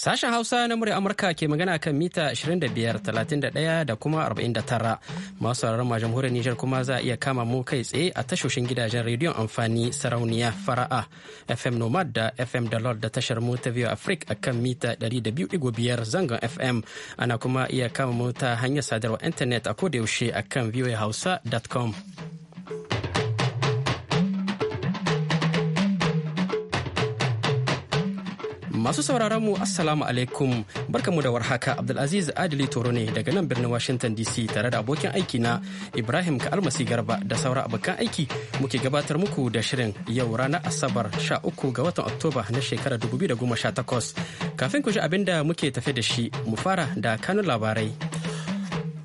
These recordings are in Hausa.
Sashen Hausa na murya Amurka ke magana kan mita 25, 31 da kuma 49. Masu sauraron ma jamhuriyar Nijar kuma za a iya kama mu kai tsaye a tashoshin gidajen rediyon amfani sarauniya fara'a FM Nomad da FM Dalot da tashar mu ta Viyo a kan mita 200.5 zangon FM. Ana kuma iya kama mu ta hanyar sadarwa intanet a kodayaushe a kan com. Masu sauraron mu Assalamu alaikum barkamu da warhaka Abdulaziz Adili Toro ne daga nan birnin Washington DC tare da abokin aiki na Ibrahim Kalmasi Garba da sauran abokan aiki muke gabatar muku da shirin yau ranar Asabar 13 ga watan Oktoba na shekarar 2018. Kafin ku ji abin da muke tafe da shi mu fara da kanun labarai.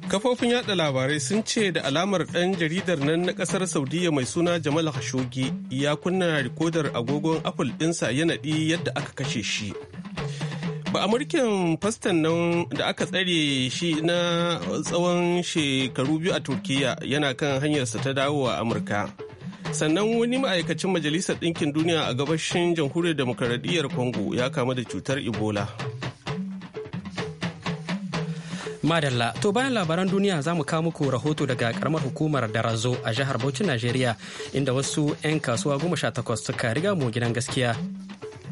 Kafofin yada labarai sun ce da alamar ɗan jaridar nan na ƙasar Saudiya mai suna Jamal Khashoggi ya kunna rikodar agogon Apple ɗinsa ya naɗi yadda aka kashe shi. Ba Amurkin fastan nan da aka tsare shi na tsawon shekaru biyu a Turkiyya yana kan hanyarsa ta dawowa Amurka. sannan wani ma'aikacin majalisar ɗinkin duniya a gabashin jamhuriyar demokaradiyyar congo ya kamu da cutar ebola Madalla, to bayan labaran duniya za mu kawo muku rahoto daga karamar hukumar Darazo a jihar Bauchi, Najeriya, inda wasu 'yan kasuwa goma sha takwas suka riga mu gidan gaskiya.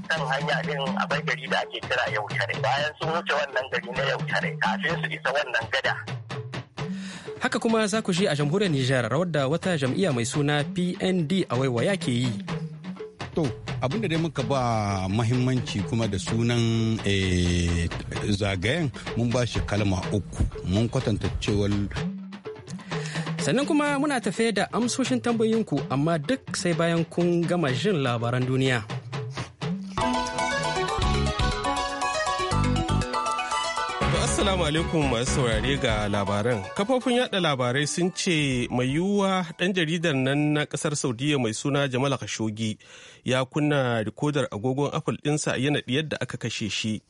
kan hanya din akwai gari da ake kira yau tare, bayan sun wuce wannan gari na yau tare, kafin su isa wannan gada haka kuma za ku shi a jamhuriyar Nijar rawar da wata jam'iyya mai suna PND a waiwaya ke yi to abinda dai muka ba mahimmanci kuma da sunan eh, zagayen mun ba shi kalma uku mun kwatanta cewar sannan kuma muna tafe da amsoshin tambayinku amma duk sai bayan kun gama jin labaran duniya Assalamu alaikum masu saurare ga labaran. Kafofin yada labarai sun ce mai yiwuwa ɗan jaridar nan na ƙasar Saudiya mai suna Jamal Khashoggi ya kunna rikodar agogon Apple ɗinsa yana yadda aka kashe shi.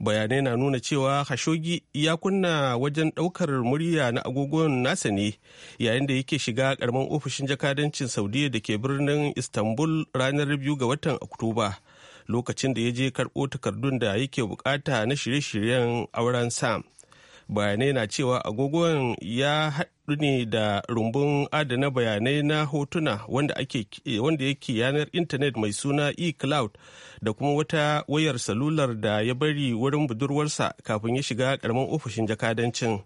Bayanai na nuna cewa Khashoggi ya kunna wajen ɗaukar murya na agogon nasa ne yayin da yake shiga ƙaramin ofishin jakadancin Saudiya da ke birnin Istanbul ranar biyu ga watan Oktoba. lokacin da ya je karɓo takardun da yake bukata na shirye-shiryen auren sam bayanai na cewa agogon ya haɗu ne da rumbun adana bayanai na hotuna eh, wanda yake yanar intanet mai suna e-cloud da kuma wata wayar salular da ya bari wurin budurwarsa kafin ya shiga karamin ofishin jakadancin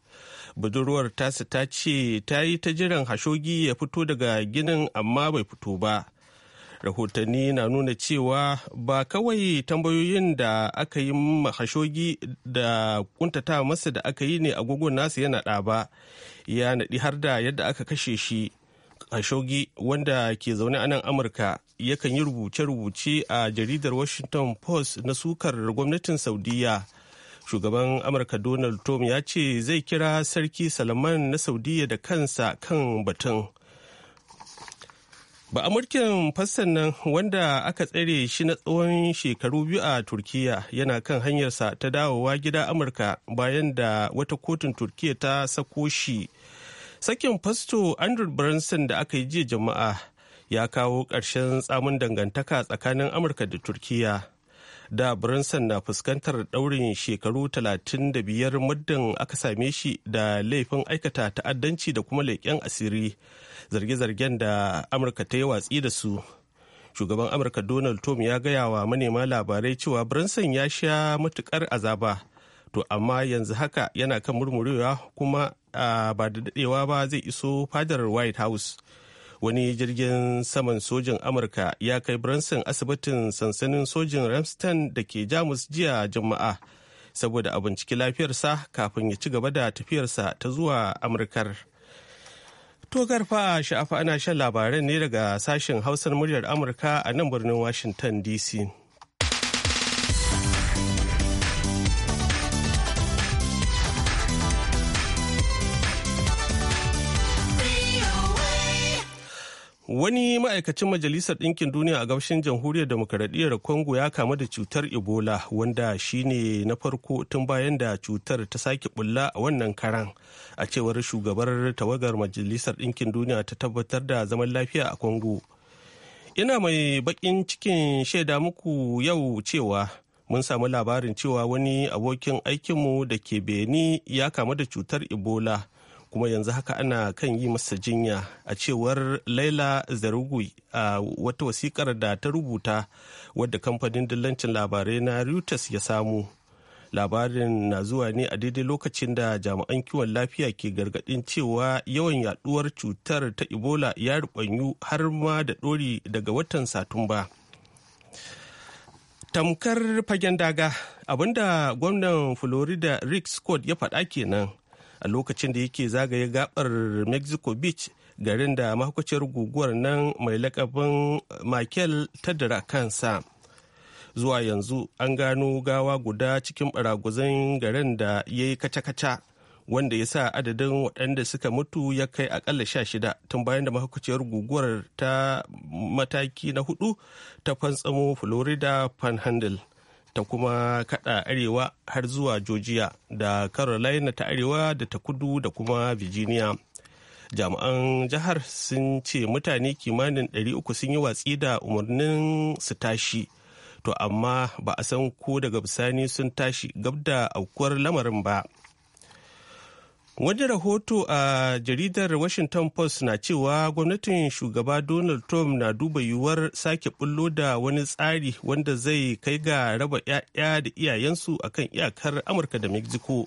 budurwar tasa ta ce ta yi ta jiran hashogi ya fito daga ginin amma bai fito ba rahotanni na nuna cewa ba kawai tambayoyin da aka yi hashogi da kuntata masa da aka yi ne agogon nasu ya naɗa ba ya naɗi har da yadda aka kashe shi hashogi wanda ke zaune a nan amurka yakan yi rubuce-rubuce a jaridar washington post na sukar gwamnatin saudiya shugaban amurka donald trump ya ce zai kira sarki salman na saudiya da kansa kan batun ba amurkin fassan nan wanda aka tsare shi na tsawon shekaru biyu a turkiya yana kan hanyarsa ta dawowa gida amurka bayan da wata kotun turkiya ta sako shi sakin fasto andrew branson da aka yi jiya jama'a ya kawo ƙarshen tsamin dangantaka tsakanin amurka da turkiya da Brunson na fuskantar daurin shekaru 35 muddin aka same shi da laifin aikata ta'addanci da kuma leƙen asiri zarge-zargen da Amurka ta yi watsi da su. Shugaban Amurka Donald Trump ya gaya wa manema labarai cewa Brunson ya sha matukar azaba, to amma yanzu haka yana kan murmurewa kuma ah, ba da daɗewa ba zai iso fadar White House. wani jirgin saman sojin amurka ya kai branson asibitin sansanin sojin ramstein da ke jamus jiya juma'a saboda a binciki lafiyarsa kafin ya ci gaba da tafiyarsa ta zuwa amurkar togar fa sha'afa ana shan labaran ne daga sashen hausar muryar amurka a nan birnin washington dc Wani ma'aikacin Majalisar Ɗinkin Duniya a gabashin Jamhuriyar Demokaradiyyar kongo ya kamu da cutar Ebola wanda shi ne na farko tun bayan da cutar ta sake bulla a wannan karan. A cewar shugabar tawagar Majalisar Ɗinkin Duniya ta tabbatar da zaman lafiya a kongo Ina mai baƙin cikin shaida muku yau cewa mun samu labarin cewa wani abokin aikinmu da ke Beni ya kamu da cutar Ebola. kuma yanzu haka ana kan yi masa jinya a cewar laila zarugui a wata wasikar da ta rubuta wadda kamfanin dillancin labarai na reuters ya samu labarin na zuwa ne a daidai lokacin da jami'an kiwon lafiya ke gargadin cewa yawan yaduwar cutar ta ebola ya rubanyu har ma da dori daga watan satumba tamkar fagen daga abinda gwamnan florida rick scott ya faɗa kenan a lokacin da yake zagaye gabar mexico beach garin da mahaukaciyar guguwar nan mai lakabin michael tadara kansa zuwa yanzu an gano gawa guda cikin baraguzan garin da ya yi kaca-kaca wanda ya sa adadin waɗanda suka mutu ya kai akalla sha shida tun bayan da mahaukaciyar guguwar ta mataki na hudu ta fantsamo florida panhandle ta kuma kada arewa har zuwa georgia da carolina ta arewa da ta kudu da kuma virginia jami'an jihar sun ce mutane kimanin 300 sun yi watsi da umarnin su tashi to amma ba a san ko daga bisani sun tashi gab da aukuwar lamarin ba Wani rahoto a jaridar Washington Post na cewa gwamnatin shugaba Donald Trump na duba yiwuwar sake bullo da wani tsari wanda zai kai ga raba 'ya'ya da iyayensu akan iyakar Amurka da Mexico.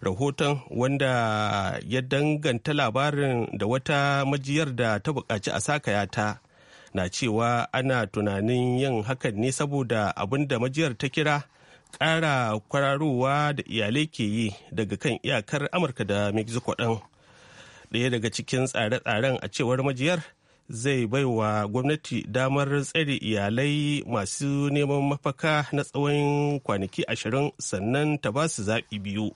Rahoton wanda ya danganta labarin da wata majiyar da ta buƙaci a sakayata na cewa ana tunanin yin hakan ne saboda abin da majiyar ta kira ƙara kwararowa da iyalai ke yi daga kan iyakar amurka da mexico ɗin ɗaya daga cikin tsare-tsaren a cewar majiyar zai baiwa gwamnati damar tsare iyalai masu neman mafaka na tsawon kwanaki ashirin sannan ta ba su zaɓi biyu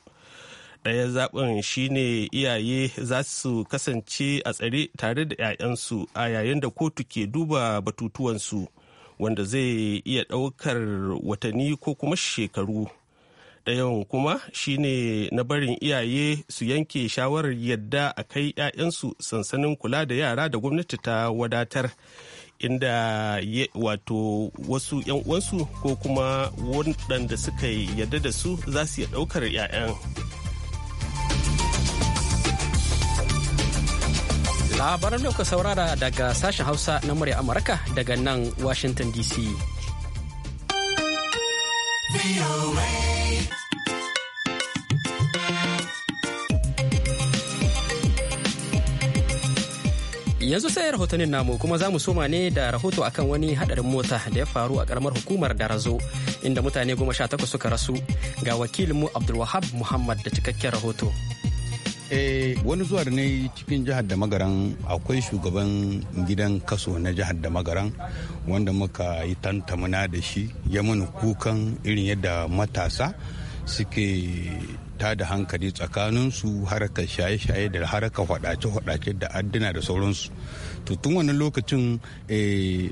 ɗaya zaɓin shine iyaye za su kasance a tsare tare da 'ya'yansu a yayin da kotu ke duba batutuwansu wanda zai iya ɗaukar watanni ko kuma shekaru ɗayan kuma shine na barin iyaye su yanke shawarar yadda a kai 'ya'yansu sansanin kula da yara da gwamnati ta wadatar inda wato wasu 'yan uwansu ko kuma waɗanda suka yarda da su za su iya ɗaukar 'ya'yan. labaran da saurara daga sashen hausa na murya amurka daga nan washington dc yanzu sai rahotannin namu kuma za mu soma ne da rahoto akan wani hadarin mota da ya faru a karamar hukumar darazo inda mutane goma sha takwas suka rasu ga wakilinmu abdulwahab muhammad da cikakken rahoto eh wani zuwa ne cikin jihar da magaran akwai shugaban gidan kaso na jihar da magaran wanda muka yi tantamuna da shi ya mana kukan irin yadda matasa suke ta da hankali tsakaninsu harkar shaye-shaye da harkar hwadace-hwadace da addina da sauransu to tun wani lokacin eh,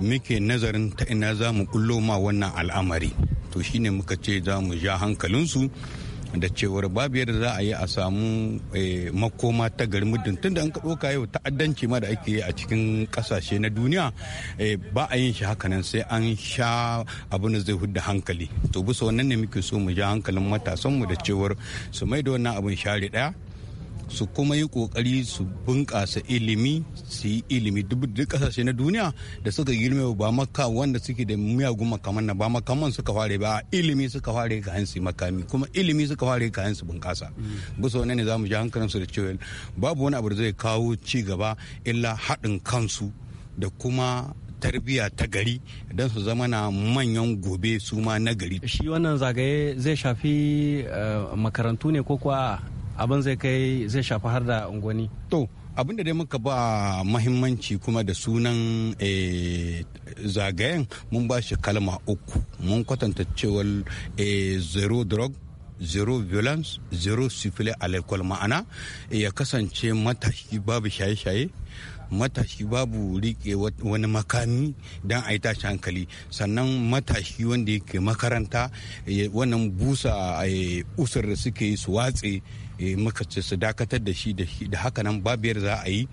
muke nazarin ta ina za mu kullo ma wannan al'amari to shine muka ce za mu ja hankalinsu da cewar babu yadda za a yi a samu eh, makoma ta gari muddin tunda an ka ɗauka yau ta'addanci ma da ake yi a cikin ƙasashe na duniya eh, ba a yin shi hakanan sai an sha abin da zai hudda hankali to bisa wannan ne muke so mu ja hankalin matasanmu da cewar su mai da wannan abun share ɗaya su kuma yi kokari su bunƙasa ilimi su yi ilimi duk ƙasashe na duniya da suka girme ba maka wanda suke da miyagun makaman na ba makaman suka fare ba ilimi suka fare ga hansu makami kuma ilimi suka fare ga hansu bunƙasa gusa wannan ne za mu ji hankalinsu da cewa babu wani abu da zai kawo ci gaba illa haɗin kansu da kuma tarbiyya ta gari don su zama na manyan gobe su ma na gari. Shi wannan zagaye zai shafi eh, makarantu ne ko kuwa abin zai kai zai shafi har da unguwanni to abin da dai muka ba mahimmanci kuma da sunan eh, zagayen mun ba shi kalma uku mun kwatanta cewar eh, zero drug zero violence zero syphilis alaikol ma'ana ya kasance matashi babu shaye-shaye matashi babu rike wani makami don a yi tashi hankali sannan matashi wanda yake makaranta wannan busa eh, usur da suke yi su watse Eh, muka ce su dakatar da shi da haka nan yadda za a yi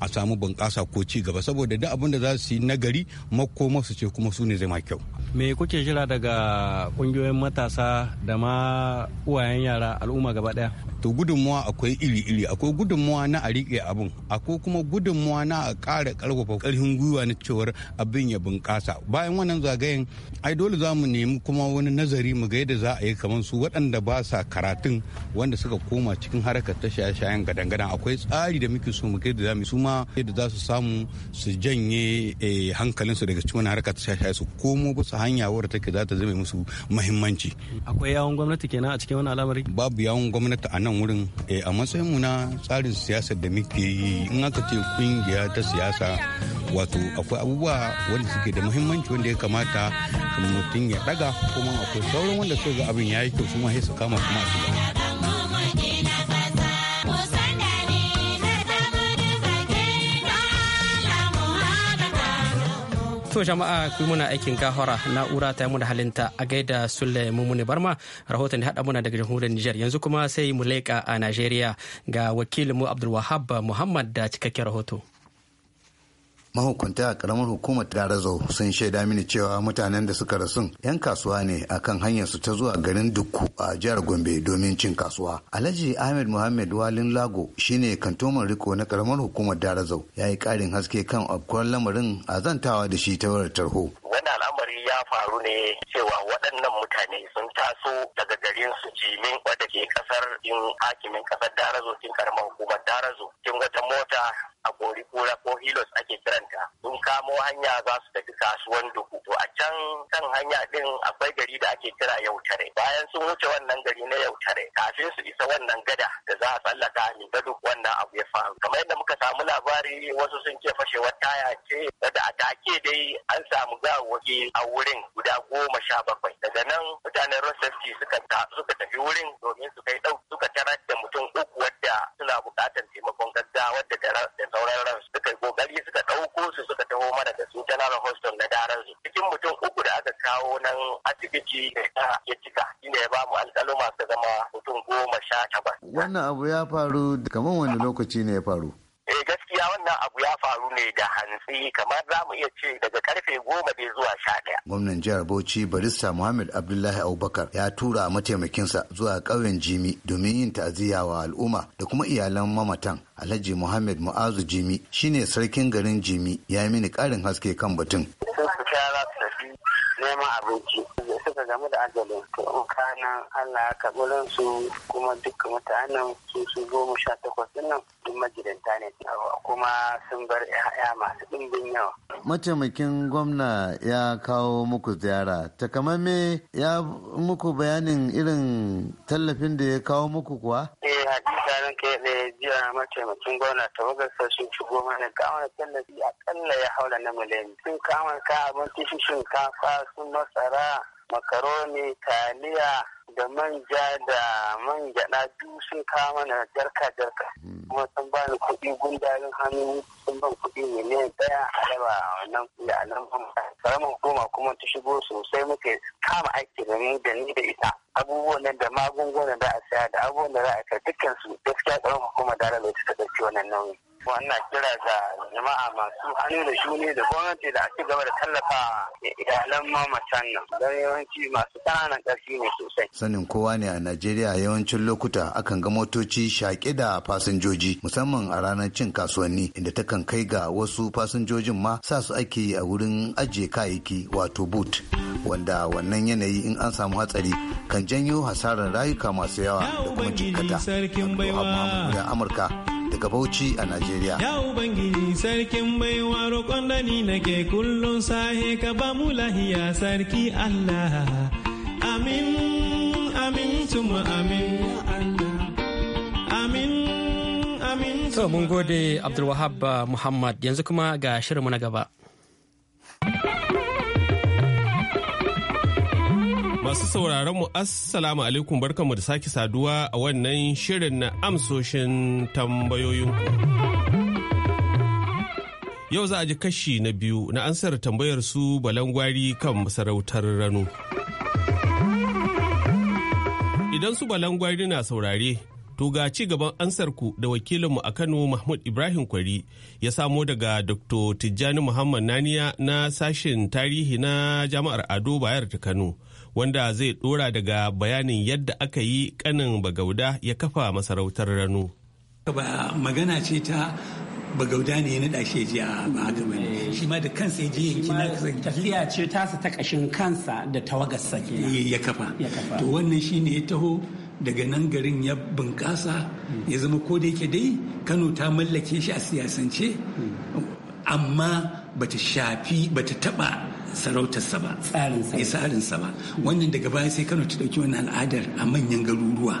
a samu bunƙasa ko ci gaba saboda duk abin da za su yi nagari makoma su ce kuma su ne zai ma kyau. Me kuke jira daga ƙungiyoyin matasa da ma uwayen yara al'umma gaba ɗaya? To gudunmuwa akwai iri-iri akwai gudunmuwa na a riƙe abin akwai kuma gudunmuwa na a ƙara ƙarfafa ƙarfin gwiwa na cewar abin ya bunƙasa bayan wannan zagayen ai dole za mu nemi kuma wani nazari mu ga yadda za a yi kamar su waɗanda ba sa karatun wanda suka koma cikin harkar ta shaye-shayen gadan-gadan akwai tsari da muke so mu ga yadda za mu kuma yadda za su samu su janye eh, hankalinsu daga cikin harka ta shashaya su komo bisa hanya wadda take za ta zama musu mahimmanci. Akwai yawon gwamnati kenan a cikin wani al'amari? Babu yawon gwamnati a nan wurin eh, a matsayin mu na tsarin siyasar da muke yi in aka ce kungiya ta siyasa wato akwai abubuwa wanda suke da muhimmanci wanda ya kamata mutum ya daga kuma akwai sauran wanda suka ga abin ya yi kyau su ma sai su kama kuma a To jama'a ku muna aikin gahora na'ura ta da halinta a gaida Sule Mumuni Barma rahoton da haɗa muna daga jamhuriyar Nijar yanzu kuma sai mu leƙa a Najeriya ga wakilinmu Abdulwahab Muhammad da cikakken rahoto. mahukunta a karamar hukumar darazo sun shaida mini cewa mutanen da suka rasu yan kasuwa ne akan hanyar su ta zuwa garin dukku a jihar gombe domin cin kasuwa alhaji ahmed muhammad walin lago shine kantoman riko na karamar hukumar darazo ya yi ƙarin haske kan afkuwar lamarin a zantawa da shi ta wurin tarho wannan al'amari ya faru ne cewa waɗannan mutane sun taso daga garin su jimin wadda ke kasar in hakimin kasar darazo cikin karamar hukumar darazo kin wata mota a gori kura ko hilos ake kiranta sun kamo hanya za su tafi kasuwan duku to a can kan hanya din akwai gari da ake kira yautare bayan sun wuce wannan gari na yautare kafin su isa wannan gada da za a tsallaka a miga duk wannan abu ya faru kamar yadda muka samu labari wasu sun ce fashewar taya ce da a take dai an samu gawo a wurin guda goma sha bakwai daga nan mutanen rossetti suka suka tafi wurin domin su kai ɗau suka tarar da mutum uku wadda suna buƙatar taimakon gaggawa da da sauran ran suka yi kokari suka ɗauko su suka taho mana da su general hostel na daren su cikin mutum uku da aka kawo nan asibiti da ya cika inda ya bamu alƙaluma suka zama mutum goma sha takwas. wannan abu ya faru kamar wani lokaci ne ya faru. Eh, gaskiya wannan abu ya faru ne da hantsi kamar za mu iya ce daga karfe goma ne zuwa sha ɗaya. Gwamnan jihar Bauchi barista Muhammad Abdullahi Abubakar ya tura mataimakinsa zuwa ƙauyen Jimi domin yin ta'aziyya wa al'umma da kuma iyalan mamatan. Alhaji Muhammad Mu'azu Jimi shine sarkin garin Jimi ya yi mini ƙarin haske kan batun. Sun fita za su tafi neman abinci suka da ajalin nan Allah ya karɓi kuma dukkan mutanen su su goma sha takwas nan duk magidanta ne kuma sun bar 'ya'ya masu ɗimbin yawa. Mataimakin gwamna ya kawo muku ziyara takamamme ya muku bayanin irin tallafin da ya kawo muku kuwa? Eh hakika nan ke da jiya mataimakin gwamna ta sun goma ne kawo tallafi akalla ya haula na miliyan. Sun kama ka abin abinci shinkafa sun masara makaroni taliya da manja da man na duk sun kawo mana jarka jarka hmm. kuma sun ba ni kuɗi gundarin hannu sun ban kuɗi ne ɗaya a raba wannan da nan karamin hukuma kuma ta shigo sosai muke kama aiki da ni da ni da ita abubuwan nan da magungunan da a saya da abubuwan da za a kai dukkan su gaskiya tsaron hukumar da raba ta ɗauki wannan nauyi. wannan kira ga jama'a masu hannu da shuni da gwamnati da ake gaba da tallafa iyalan mamatan nan don yawanci masu kananan ƙarfi ne sosai. Sanin kowa ne a Najeriya yawancin lokuta akan ga motoci shaƙe da fasinjoji musamman a ranar cin kasuwanni inda takan kai ga wasu fasinjojin ma sa su ake a wurin ajiye kayayyaki wato boot wanda wannan yanayi in an samu hatsari kan janyo hasarar rayuka masu yawa da kuma jikkata. Amurka daga Bauchi a Najeriya. Ya Ubangiji sarkin baiwa roƙon da ni nake kullum sahe ka ba mu lahiya sarki Allah. Amin, amin, tuma amin Amin, amin. To mun gode Abdulwahab eh, Muhammad yanzu kuma ga shirinmu na gaba. Masu sauraron mu Assalamu alaikum barkanmu da sake saduwa a wannan shirin na amsoshin tambayoyinku. Yau za a ji kashi na biyu na ansar tambayar su balangwari kan masarautar rano. Idan su balangwari na saurare, to ga ci gaban ansar ku da wakilinmu a Kano Mahmud Ibrahim Kwari ya samo daga Dr. Tijjani Muhammad Naniya na sashen tarihi na Jami'ar Ado Bayar ta Kano. wanda zai dora daga bayanin yadda aka yi kanin bagauda ya kafa masarautar rano. ba magana ce ta bagauda ne na dashe ji a haka eh. shi ma da kansa ya je yanki na tafiya ce tasa ta kashin kansa da tawagarsa eh, ya kafa to wannan shi ne ya taho daga nan garin ya bunƙasa hmm. ya zama ko da yake dai kano ta mallake shi a siyasance hmm. amma bata shafi bata taba Sarautar sa ba eh, tsarinsa ba wannan daga baya sai kano ta ɗauki wani al'adar a manyan garuruwa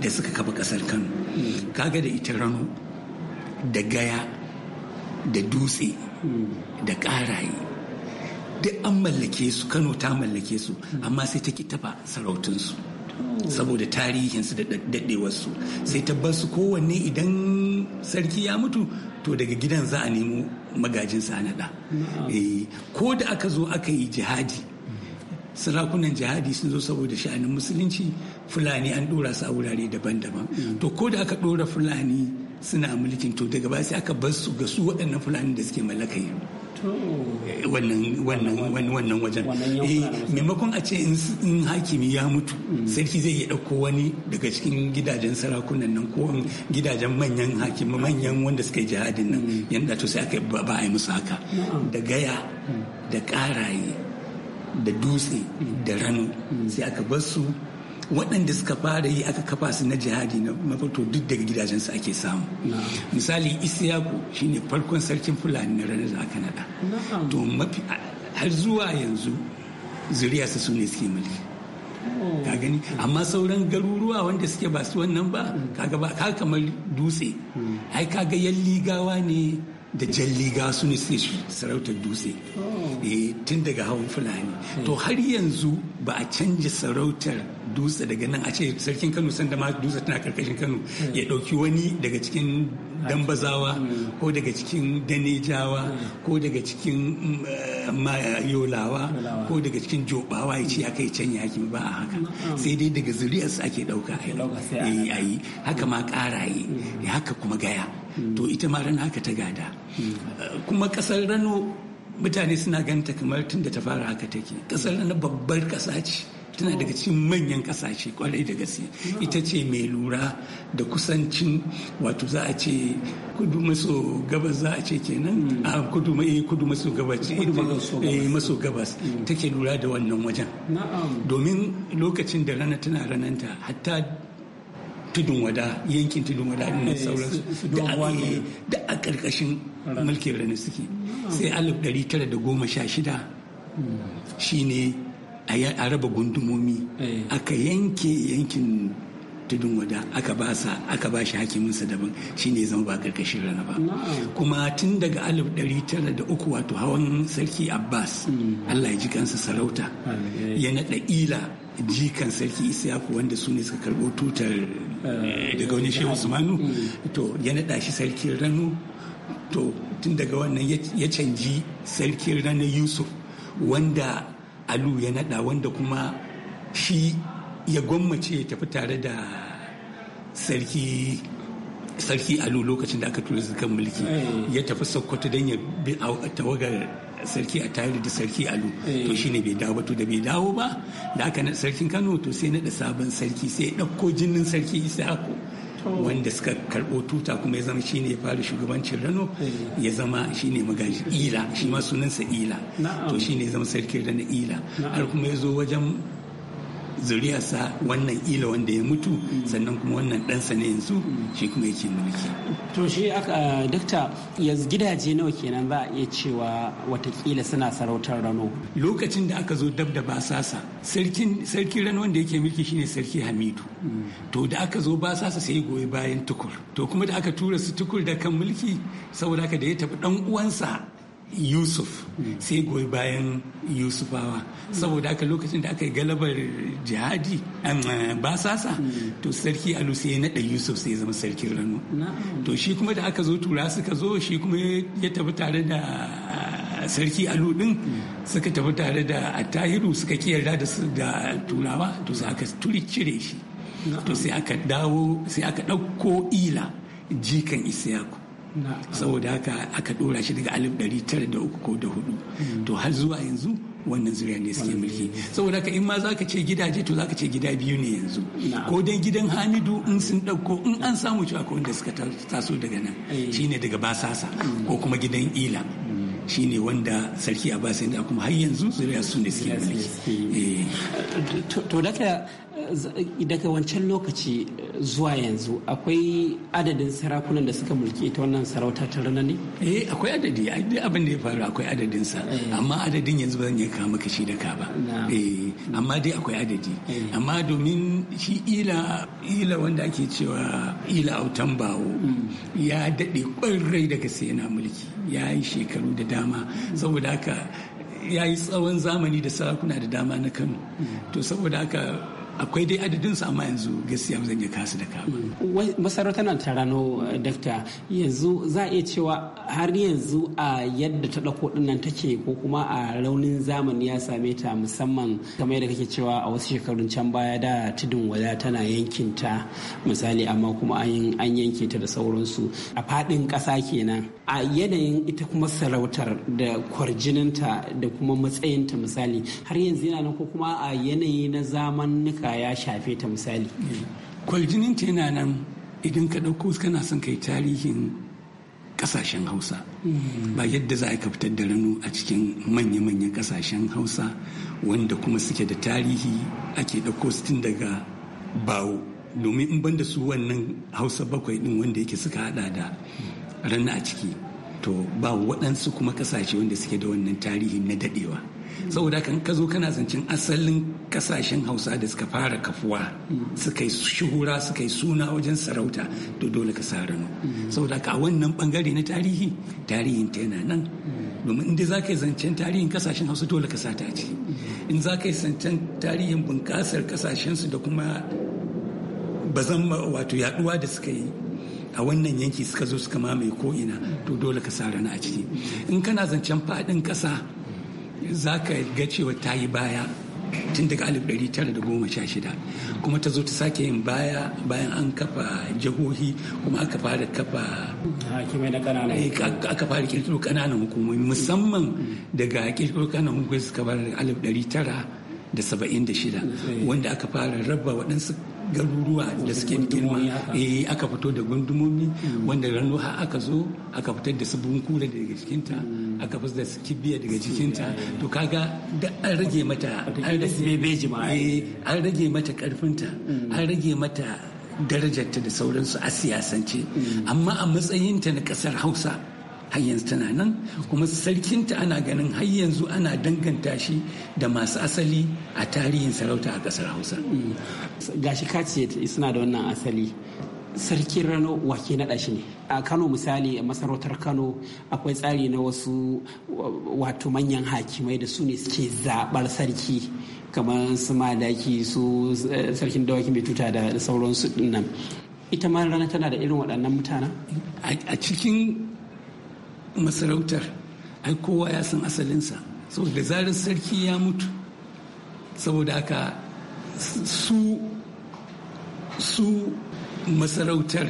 da suka kafa ƙasar kano mm. kaga da ita rano da gaya da dutse mm. da ƙaraye duk an mallake su kano ta mallake su mm. amma sai ta ki tafa sarautunsu oh. saboda tarihinsu da daɗewarsu sai ta bar su kowanne idan sarki ya mutu to daga gidan za a nemo magajin sa eh, ko da aka zo aka yi jihadi sarakunan jihadi sun zo saboda sha'anin musulunci fulani an ɗora su a wurare daban-daban mm. to ko da aka ɗora fulani suna mulkin to daga ba sai aka bar su ga su waɗannan fulani da suke mallaka wannan wajen eh, maimakon a ce in hakimi ya mutu mm. sarki zai ya ɗauko wani daga cikin gidajen sarakunan nan ko gidajen manyan hakimi manyan wanda suka yi jihadin nan mm. yadda to sai aka ba a yi musu haka da gaya mm. da ƙaraye da dutse da rano sai aka bar su waɗanda suka fara yi aka kafa su na jihadi na mafato duk daga gidajensu ake samu misali isiyaku shine farkon sarkin fulani na ranar da aka naɗa to mafi har zuwa yanzu zuriya su ne suke mulki oh. ka gani amma sauran garuruwa wanda suke ba su wannan ba kaga mm. ka kamar dutse mm. ai kaga yan ligawa ne da jalliga su ne sarautar dutse oh. eh, tun daga hawan fulani to har yanzu ba a canja sarautar dutse daga nan a ce sarkin kano sanda ma dutse tana karkashin kano hmm. ya dauki wani daga cikin dambazawa hmm. ko daga cikin danejawa hmm. ko daga cikin mm, yolawa ko daga cikin jobawa ya ce aka yi can yakin ba a haka sai dai daga zuriyarsu ake dauka eh, a yi haka ma karaye haka kuma gaya to ita ma rana haka ta gada kuma kasar rano mutane suna ganta kamar tun da ta fara haka take kasar rano babbar kasa ce tana daga cikin manyan kasashe kwarai da gaske ita ce mai lura da kusancin wato za a ce kudu maso gabas za a ce kenan a kudu eh, kudu maso gabas eh, eh, maso gabas take lura da wannan wajen domin lokacin da rana tana rananta hatta tudun wada yankin tudun wada da eh, sauransu da a ƙarƙashin mulkin rana suke sai alif ɗari tara da goma sha shida shine a raba gundumomi eh. aka yanke yankin tudun wada aka ba sa aka ba shi hakiminsa daban shine zama ba karkashin rana ba kuma tun daga alif ɗari tara da uku wato hawan sarki abbas mm. allah ya ji kansa sarauta ya naɗa ila jikan sarki isiyaku wanda su ne suka karɓo tutar eh, daga wani shehu usmanu to ya naɗa shi sarkin rano to tun daga wannan ya canji sarkin rana yusuf wanda alu ya naɗa wanda kuma shi ya gwammace ya tafi tare da sarki sarki alu lokacin da aka tura zikan mulki eh. ya tafi sokoto don ya bi tawagar sarki a tare da sarki alu to eh. shine bai dawo ba to da bai dawo ba da aka na sarkin kano to sai na da sabon sarki sai ɗauko jinin sarki ishaku wanda suka karɓo tuta kuma ya zama shine ya fara shugabancin rano eh. ya zama shine magaji ila shi ma sunansa ila to shine ya zama sarkin rana ila har kuma ya zo wajen zuriyarsa wannan ila wanda ya mutu sannan kuma wannan ɗansa ne yanzu shi kuma yake mulki to shi aka dakta yanzu gidaje nawa kenan za a iya cewa watakila suna sarautar rano lokacin da aka zo dab da basasa sarkin rano wanda yake mulki shine sarki hamidu to da aka zo basasa sai goyi bayan tukur to kuma da aka tura su tukur da kan mulki saboda haka da ya tafi dan uwansa yusuf sai goyi bayan yusufawa saboda haka lokacin da aka yi galabar jihadi eh, basasa to sarki alu sai ya naɗa yusuf sai zama sarkin rano to shi kuma da aka zo tura suka zo shi kuma ya tafi tare da eh, sarki alu din suka tafi tare da attahiru suka kiyarda da turawa to sai aka turi cire shi to sai aka dawo sai aka ɗauko ila jikan isiyaku saboda haka aka dora shi daga alif ɗari tara da uku ko da hudu to har zuwa yanzu wannan zuriya ne suke mulki saboda haka in ma za ka ce gidaje to za ka ce gida biyu ne yanzu ko dan gidan hamidu in sun ɗauko in an samu cewa ko wanda suka taso daga nan eh. shine daga basasa ko kuma gidan ila shine wanda sarki abbas ya kuma har yanzu zuriya su ne suke mulki to daga daga wancan lokaci zuwa yanzu akwai adadin sarakunan da suka mulki ta wannan sarauta ta rana ne? eh akwai adadi abin da ya faru akwai adadin sa eh. amma adadin yanzu ba zan iya kama kashi da ka ba eh amma dai akwai adadi eh. amma domin shi ila ila wanda ake cewa ila autan bawo mm. ya daɗe ƙwarai daga sai yana mulki ya yi shekaru da dama saboda haka ya yi tsawon zamani da sarakuna da dama na kano to saboda haka akwai dai adadin su amma yanzu gaskiya zan iya kasu da kama. masarautar nan ta rano eh, dakta yanzu za a iya cewa har yanzu a yadda ta ɗauko ɗin nan take ko kuma a raunin zamani ya same ta musamman kamar yadda kake cewa a wasu shekarun can baya da tudun wada tana yankin ta misali amma kuma an yanke ta da sauransu a faɗin ƙasa kenan a yanayin ita kuma sarautar da kwarjininta da kuma matsayinta misali har yanzu yana nan ko kuma a yanayi na zamanuka ɗauka ya shafe ta misali kwaljinin ta yana nan idan ka ɗauko kana son kai tarihin ƙasashen hausa mm. ba yadda za a fitar da rano a cikin manya-manyan ƙasashen hausa wanda kuma suke da tarihi ake ɗauko su tun daga bawo domin in banda su wannan hausa bakwai ɗin wanda yake suka haɗa da rana a ciki to ba waɗansu kuma ƙasashe wanda suke da wannan tarihi na daɗewa saboda kan ka zo kana zancen asalin kasashen hausa da suka fara kafuwa suka yi shuhura suka yi suna wajen sarauta to dole ka sa rano saboda ka a wannan bangare na tarihi tarihin ta yana nan domin inda za ka yi zancen tarihin kasashen hausa dole ka sa ta ce in za ka yi zancen tarihin bunƙasar su da kuma bazan wato yaduwa da suka yi a wannan yanki suka zo suka mamaye ko ina to dole ka sa rana a ciki in kana zancen faɗin ƙasa za ka ga cewa ta yi baya tun daga tara da goma sha shida kuma ta zo ta sake yin baya bayan an kafa jihohi kuma aka fara kafa hakimai na kananan eh, aka fara kirkiro kananan hukumomi musamman daga kirkiro kananan hukumomi suka bar shida eh. wanda aka fara raba waɗansu garuruwa da suke girma eh aka fito da gundumomi mm. wanda rano har aka zo aka fitar da su kura daga cikinta mm. aka fitar da su kibiya daga cikinta to kaga da an rage mata an eh, rage mata karfinta mm. an rage mata darajarta da sauransu a siyasance amma a matsayinta na kasar hausa har yanzu tana nan kuma sarkinta ana ganin har yanzu ana danganta shi da masu asali a tarihin sarauta a kasar hausa mm. gashi shi ce suna da wannan asali sarkin rano wake na ɗashi ne a kano misali a masarautar kano akwai tsari na wasu wato manyan hakimai da su ne suke zaɓar sarki kamar su madaki su eh, sarkin dawaki mai tuta da sauransu dinnan ita ma rana tana da irin waɗannan mutanen a cikin masarautar ai kowa ya san asalinsa saboda zarar sarki ya mutu saboda haka su su masarautar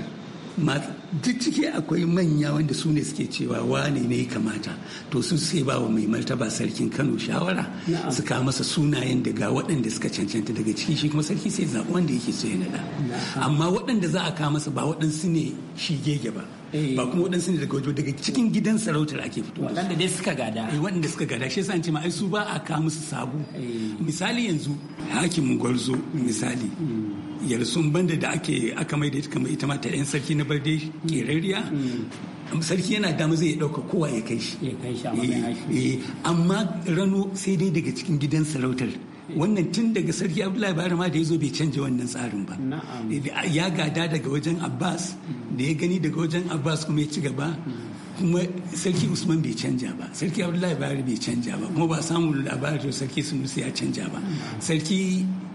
duk ciki akwai manya wanda su ne suke cewa wane ne kamata to su sai ba wa mai martaba sarkin kano shawara su kawo masa sunayen daga waɗanda suka cancanta daga ciki shi kuma sarki sai zaɓi wanda yake so ya naɗa amma waɗanda za a kawo masa ba waɗansu ne shi gege ba eh. ba kuma waɗansu ne daga daga cikin gidan sarautar ake fito waɗanda dai suka gada eh waɗanda suka gada shi yasa an ce ma ai su ba a kawo musu sabu eh. misali yanzu hakimin gwarzo misali hmm. yarsun banda da ake aka mai da kamar ita ma yan sarki na barde kerariya mm. sarki yana dama zai ɗauka kowa ya kai shi eh, eh, amma rano sai dai daga cikin gidan sarautar wannan tun daga sarki abdullahi bari ma da ya zo bai canja wannan tsarin ba eh, ya gada daga wajen abbas da ya gani daga wajen abbas kuma ya ci gaba kuma sarki usman bai canja ba sarki abdullahi bari bai canja ba kuma ba samun labarin sarki sunusi ya canja ba sarki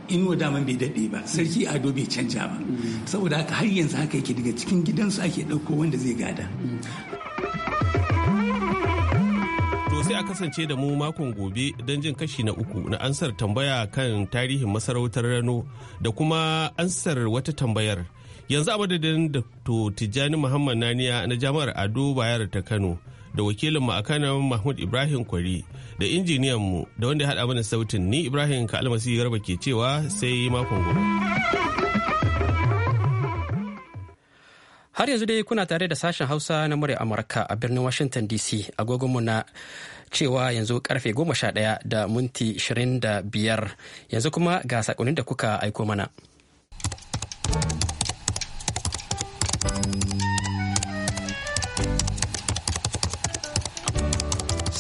inuwa daman bai daɗe ba sarki ado bai canja ba mm. saboda haka har yanzu haka yake daga cikin gidansu ake ɗauko wanda zai gada mm. to sai a kasance da mu makon gobe don jin kashi na uku na ansar tambaya kan tarihin masarautar rano da kuma ansar wata tambayar yanzu a madadin da to tijjani muhammad naniya na jami'ar ado bayar ta kano da wakilinmu a kanan mahmud ibrahim kwari da injiniyanmu da wanda hada mana sautin ni ibrahim kalmasi garba ke cewa sai makon gobe har yanzu dai kuna tare da sashen hausa na murya amurka a birnin washington dc agogonmu na cewa yanzu karfe 11 da minti 25 yanzu kuma ga sakonin da kuka aiko mana.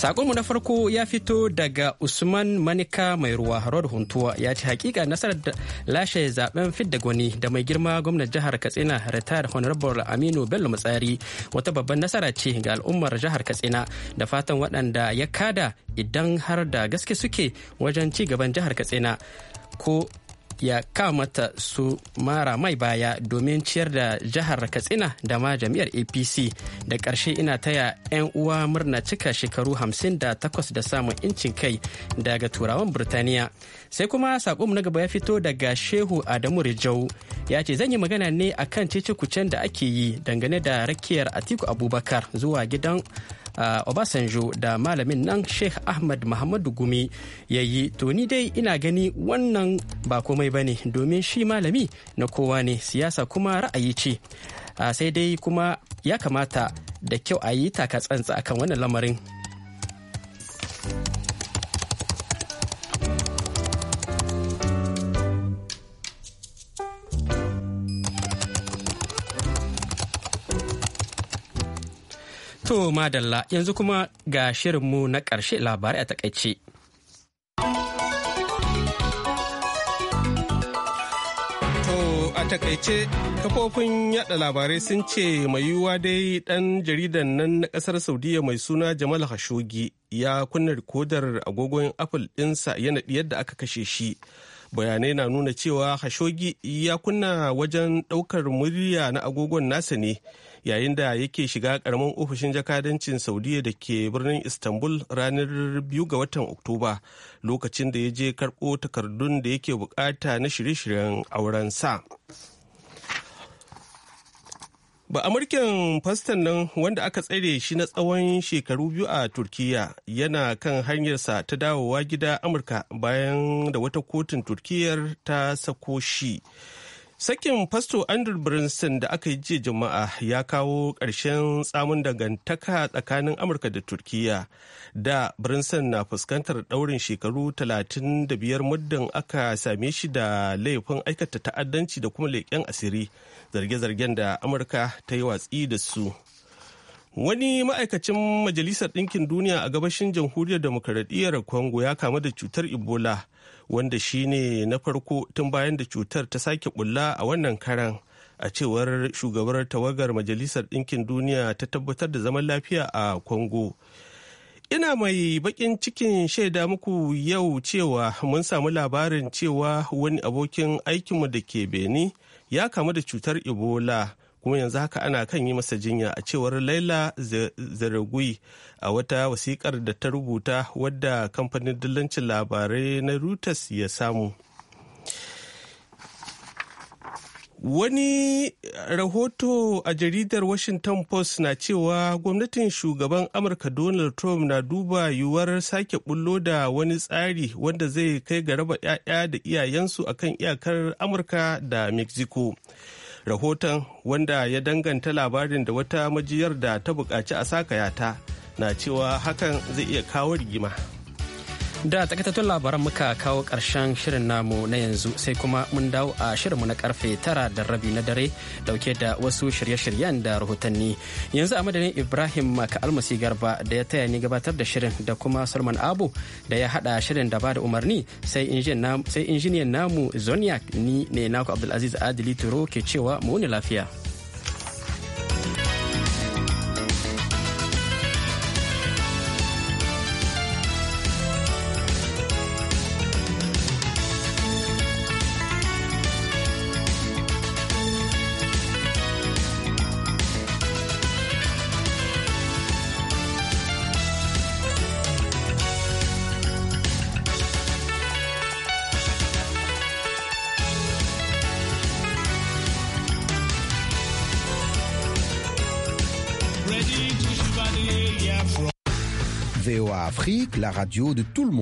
Sakonmu na farko ya fito daga Usman Manika mai ruwa Rod Huntuwa ya ce hakika nasarar da lashe zaben fidda gwani da mai girma gwamnan jihar Katsina retired Honorable Aminu Bello matsari wata babban nasara ce ga al'ummar jihar Katsina da fatan waɗanda ya kada idan har da gaske suke wajen ci gaban jihar Katsina ko ya kamata su mara mai baya domin ciyar da jihar katsina da ma jami'ar apc da karshe ina taya 'yan uwa murna cika shekaru 58 da samun incin kai daga turawan birtaniya sai kuma saƙon na gaba ya fito daga shehu adamu rijau ya ce zan yi magana ne akan cece-kucen da ake yi dangane da rakiyar atiku abubakar zuwa gidan Obasanjo da malamin nan Sheikh Ahmad Muhammadu Gumi ya yi to ni dai ina gani wannan ba komai ba ne domin shi malami na kowa ne siyasa kuma ra'ayi ce. Sai dai kuma ya kamata da kyau a yi taka tsantsa akan wannan lamarin. To madalla yanzu kuma ga shirinmu na ƙarshe labarai a takaice. a takaice kafofin yada labarai sun ce mai yiwuwa dai ɗan jaridan nan na ƙasar saudiya mai suna jamal khashoggi ya kunna rikodar agogon apple ɗinsa yana yadda aka kashe shi bayanai na nuna cewa khashoggi ya kunna wajen ɗaukar murya na agogon nasa ne yayin da yake shiga karamin ofishin jakadancin saudiya da ke birnin istanbul ranar biyu ga watan oktoba lokacin da ya je karɓo takardun da yake bukata na shirye-shiryen auren sa ba amurkin fastan nan wanda aka tsare shi na tsawon shekaru biyu a turkiya yana kan hanyarsa ta dawowa gida amurka bayan da wata kotun turkiyar ta sako shi Sakin Fasto Andrew Brinson da aka yi jiya Juma'a ya kawo ƙarshen tsamun dangantaka tsakanin Amurka da Turkiyya. Da Brinson na fuskantar ɗaurin shekaru 35 muddin aka same shi da laifin aikata ta'addanci da kuma leƙen asiri zarge-zargen da Amurka ta yi watsi da su. Wani ma'aikacin Majalisar Ɗinkin Duniya a gabashin Jamhuriyar Demokaradiyyar Congo ya kamu da cutar Ebola. wanda shi ne na farko tun bayan da cutar ta sake bulla a wannan karan a cewar shugabar tawagar majalisar ɗinkin duniya ta tabbatar da zaman lafiya a congo ina mai baƙin cikin shaida muku yau cewa mun samu labarin cewa wani abokin aikinmu da ke beni ya kamu da cutar ebola kuma yanzu haka ana kan yi masa jinya a cewar laila zaragui a wata wasikar da ta rubuta wadda kamfanin dillancin labarai na reuters ya samu wani rahoto a jaridar washington post na cewa gwamnatin shugaban amurka donald trump na duba yiwuwar sake bullo da wani tsari wanda zai kai ga raba 'ya'ya da iyayensu akan iyakar amurka da mexico rahoton wanda ya danganta labarin da wata majiyar da ta buƙaci a sakayata na cewa hakan zai iya kawo rigima. Da takaitattun labaran muka kawo karshen shirin namu na yanzu sai kuma mun dawo a shirinmu na karfe tara da rabi na dare dauke da wasu shirye-shiryen da rahotanni. Yanzu a madadin Ibrahim Maka Almasi Garba da ya taya ni gabatar da shirin da kuma Salman Abu da ya hada shirin da bada umarni sai injiniyan namu zoniak ni ne naku Abdulaziz Adili ke cewa mu lafiya. la radio de tout le monde.